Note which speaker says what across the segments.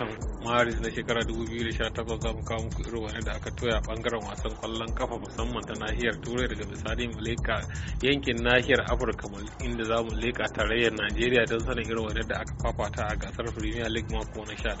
Speaker 1: watan maris na shekara 2018 za mu kawo muku irin wani da aka toya bangaren wasan kwallon kafa musamman ta nahiyar turai daga misali malika yankin nahiyar afirka inda za mu leka tarayyar najeriya don sanin irin wani da aka fafata a gasar premier league mako na 11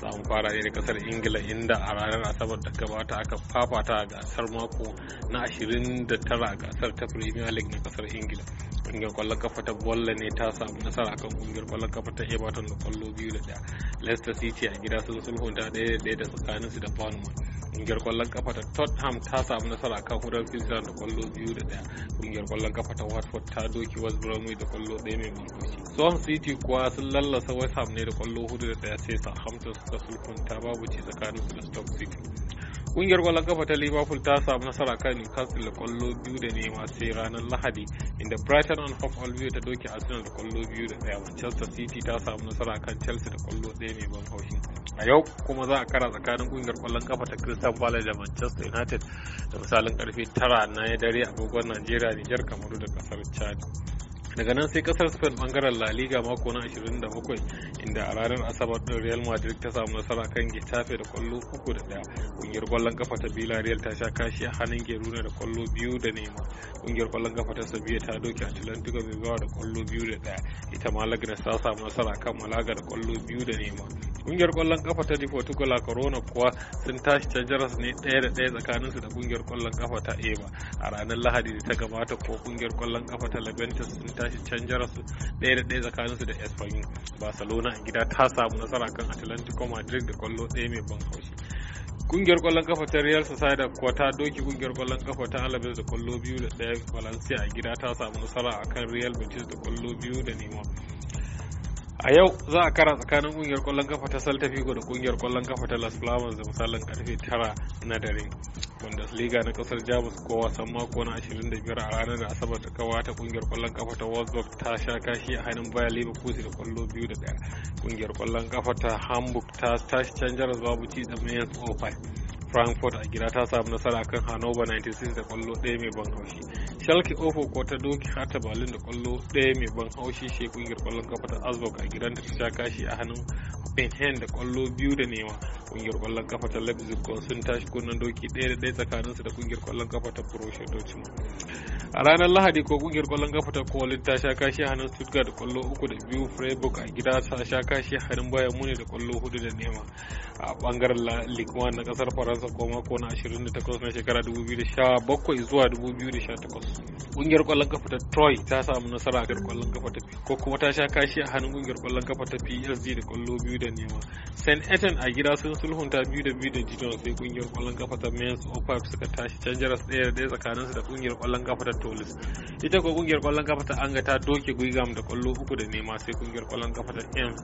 Speaker 1: za mu fara ne da kasar ingila inda a ranar asabar da gabata aka fafata a gasar mako na 29 a gasar ta premier league na kasar ingila kungiyar kwallon kafa ta bolle ne ta samu nasara kan kungiyar kwallon kafa ta everton da kwallo biyu da daya leicester city a gida sun sulhunta daya da daya da su da bournemouth kungiyar kwallon kafa ta tottenham ta samu nasara kan huddersfield da kwallo biyu da daya kungiyar kwallon kafa ta watford ta doki west bromwich da kwallo daya mai mulkoci swan city kuwa sun lallasa west ham ne da kwallo hudu da daya sai southampton suka sulhunta babu ci su da stoke city kungiyar kwallon kafa ta liverpool ta samu nasara kan newcastle da kwallo biyu da nema sai ranar lahadi inda brighton and hove albion ta doke arsenal da kwallo biyu da daya manchester city ta samu nasara kan chelsea da kwallo daya mai ban haushi a yau kuma za a kara tsakanin kungiyar kwallon kafa ta crystal palace da manchester united da misalin karfe tara na dare a agogon najeriya niger kamaru da kasar chad daga nan sai kasar spain bangaren la liga mako na 27 inda a ranar asabar din real madrid ta samu nasara kan getafe da kwallo uku da daya kungiyar kwallon kafa ta villarreal ta sha kashi a hannun geruna da kwallo biyu da nema kungiyar kwallon kafa ta sabiya ta doke atlantico bilbao da kwallo biyu da daya ita ma lagna ta samu nasara kan malaga da kwallo biyu da nema kungiyar kwallon kafa ta Deportivo Corona kuwa sun tashi ta jaras ne ɗaya da ɗaya su da kungiyar kwallon kafa ta Eba a ranar Lahadi da ta gabata ko kungiyar kwallon kafa ta Leventus sun tashi can jaras ɗaya da ɗaya su da Espanyol Barcelona a gida ta samu nasara kan Atlantico Madrid da kwallo ɗaya mai ban haushi kungiyar kwallon kafa ta Real Sociedad kuwa ta doki kungiyar kwallon kafa ta Alaves da kwallo biyu da ɗaya Valencia a gida ta samu nasara akan Real Betis da kwallo biyu da nema a yau za a kara tsakanin kungiyar kwallon kafa ta Celta Vigo da kungiyar kwallon kafa ta Las Palmas da misalin karfe 9 na dare Bundesliga na kasar Jamus ko wasan mako na 25 a ranar da Asabar ta kawa ta kungiyar kwallon kafa ta Wolfsburg ta sha kashi a hannun Bayer kusi da kwallo biyu da daya kungiyar kwallon kafa ta Hamburg ta tashi canjar babu ci da Mainz 05 Frankfurt a gida ta samu nasara kan Hannover 96 da kwallo ɗaya mai ban haushi shalke Ofo ko ta doki hata balin da kwallo ɗaya mai ban haushi shi kungiyar kwallon kafa ta Asbog a gidan ta sha kashi a hannun Benhen da kwallo biyu da nema. Kungiyar kwallon kafa ta Leipzig sun tashi kunnen doki ɗaya da ɗaya tsakaninsu da kungiyar kwallon kafa ta Borussia Dortmund. a ranar lahadi ko kungiyar kwallon kafa ta kolin ta sha kashi hannun stuttgart da kwallo uku da biyu freiburg a gida ta sha kashi hannun bayan muni da kwallo hudu da nema a bangaren ligue na kasar faransa ko mako na 28 na shekara 2017 zuwa 2018 kungiyar kwallon kafa ta troy ta samu nasara a kwallon kafa ta ko kuma ta sha kashi a hannun kungiyar kwallon kafa ta psg da kwallo biyu da nema st etienne a gida sun sulhunta biyu da biyu da gijon sai kungiyar kwallon kafa ta mens opap suka tashi canjaras ɗaya da ɗaya su da kungiyar kwallon kafa ta tolis ita ko kungiyar kwallon kafa ta anga ta doke guigam da kwallo uku da nema sai kungiyar kwallon kafa ta ems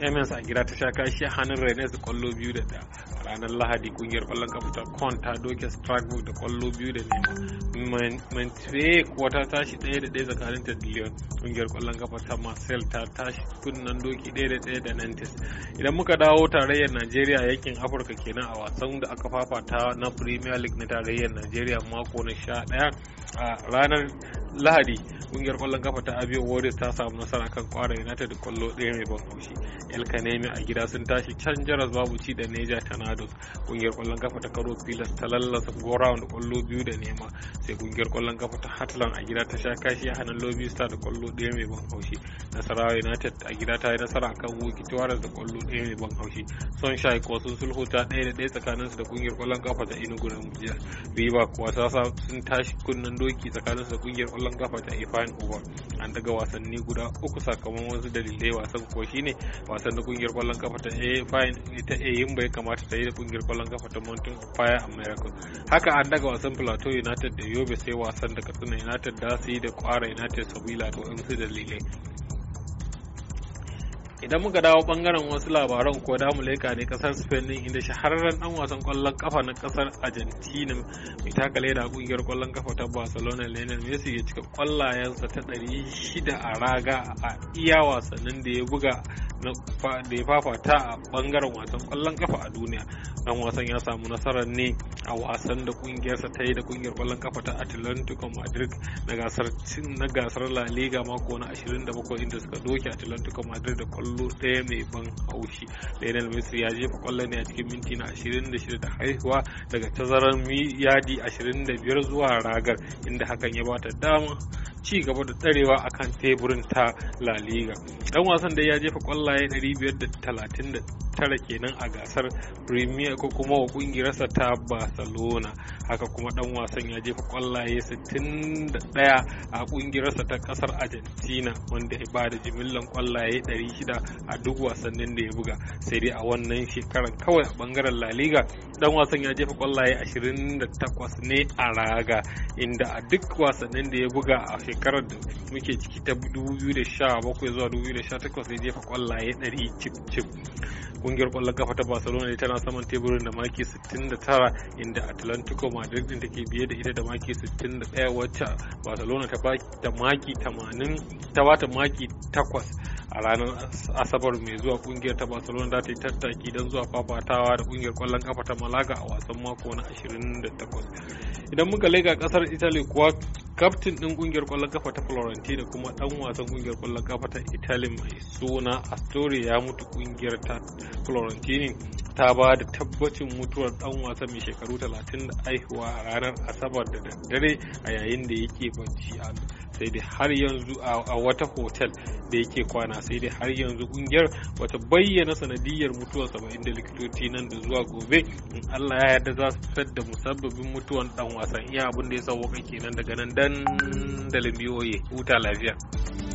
Speaker 1: Emens a gida ta sha kashi hannun Rennes kwallo biyu da ɗaya. ranar Lahadi kungiyar kwallon kafa ta kwan ta doke Strasbourg da kwallo biyu da nema. Mantre kuwa ta tashi daya da daya tsakanin ta Lyon. Kungiyar kwallon kafa ta Marcel ta tashi kunnan doki daya da daya da Nantes. Idan muka dawo tarayyar Najeriya yankin Afirka kenan a wasan da aka fafata na Premier League na tarayyar Najeriya mako na sha daya a ranar lahadi kungiyar kwallon kafa ta abiyo warriors ta samu nasara kan kwara united kwallo ɗaya mai ban haushi el a gida sun tashi can jaras babu ci da neja tanados kungiyar kwallon kafa ta karo pilas ta lallasa gorawa da kwallo biyu da nema sai kungiyar kwallon kafa ta hatlan a gida ta sha kashi a hannun lobby star da kwallo ɗaya mai ban haushi nasarawa united a gida ta yi nasara kan wuki tuwaras da kwallo ɗaya mai ban haushi son shayi kuwa sun ta ɗaya da ɗaya tsakaninsu da kungiyar kwallon kafa ta inugu na mujiyar riba kuwa sun tashi kunnen doki tsakaninsu da kungiyar kwallon kwallon kafa ta Ifan Uba an daga wasanni guda uku sakamakon wasu dalilai wasan ko shine wasan da kungiyar kwallon kafa ta Ifan ta yin bai kamata ta yi da kungiyar kwallon kafa ta Mountain Fire America haka an daga wasan Plateau United da Yobe sai wasan da Katsina United da su yi da Kwara United sabila da su dalilai idan muka dawo bangaren wasu labaran ko damu leka ne kasar spain din inda shahararren dan wasan kwallon kafa na kasar argentina mai taka leda kungiyar kwallon kafa ta barcelona lionel messi ya cika kwallayensa ta 600 a raga a iya wasannin da ya buga da ya fafata a bangaren wasan kwallon kafa a duniya dan wasan ya samu nasarar ne a wasan da kungiyarsa ta yi da kungiyar kwallon kafa ta atlantico madrid na gasar na gasar la liga mako na 27 inda suka doke atlantico madrid da kwallon kwallo ɗaya mai ban haushi lionel messi ya jefa kwallo ne a cikin minti na 26 da haihuwa daga tazarar yadi 25 zuwa ragar inda hakan ya bata dama ci gaba da tsarewa akan teburin ta la liga dan wasan da ya jefa kwallaye 531 tara kenan a gasar premier ko kuma wa kungiyarsa ta barcelona haka kuma dan wasan ya jefa kwallaye 61 a kungiyarsa ta kasar argentina wanda ya bada jimillan kwallaye 600 a duk wasannin da ya buga sai dai a wannan shekarar kawai a bangaren la liga dan wasan ya jefa kwallaye 28 ne a raga inda a duk wasannin da ya buga a shekarar da muke ciki ta 2017 zuwa 2018 ya jefa kwallaye 100 cip cip kungiyar kwallon kafa ta barcelona tana saman teburin da maki 69 inda atlantico madrid din take biye da ita da maki 61 wacce barcelona ta bata maki 80 ta bata maki 8 a ranar asabar mai zuwa kungiyar ta barcelona za ta yi tattaki don zuwa fafatawa da kungiyar kwallon kafa ta malaga a wasan mako na 28 idan muka lega kasar italy kuwa kaftin ɗin ƙungiyar kwallon kafa ta florentina kuma ɗan wasan ƙungiyar ƙwallon kafa ta italy mai suna astoria ya mutu ƙungiyar ta florentini ta ba da tabbacin mutuwar dan wasan mai shekaru 30 da aihuwa a ranar asabar da daddare a yayin da yake bacci a sai dai har yanzu a wata hotel da yake kwana sai dai har yanzu kungiyar wata bayyana sanadiyar mutuwar sama inda likitoci nan da zuwa gobe in Allah ya yarda za su fitar da musabbabin mutuwar dan wasan iya abin da ya sauwaka kenan daga nan dandalin biyoyi huta lafiya.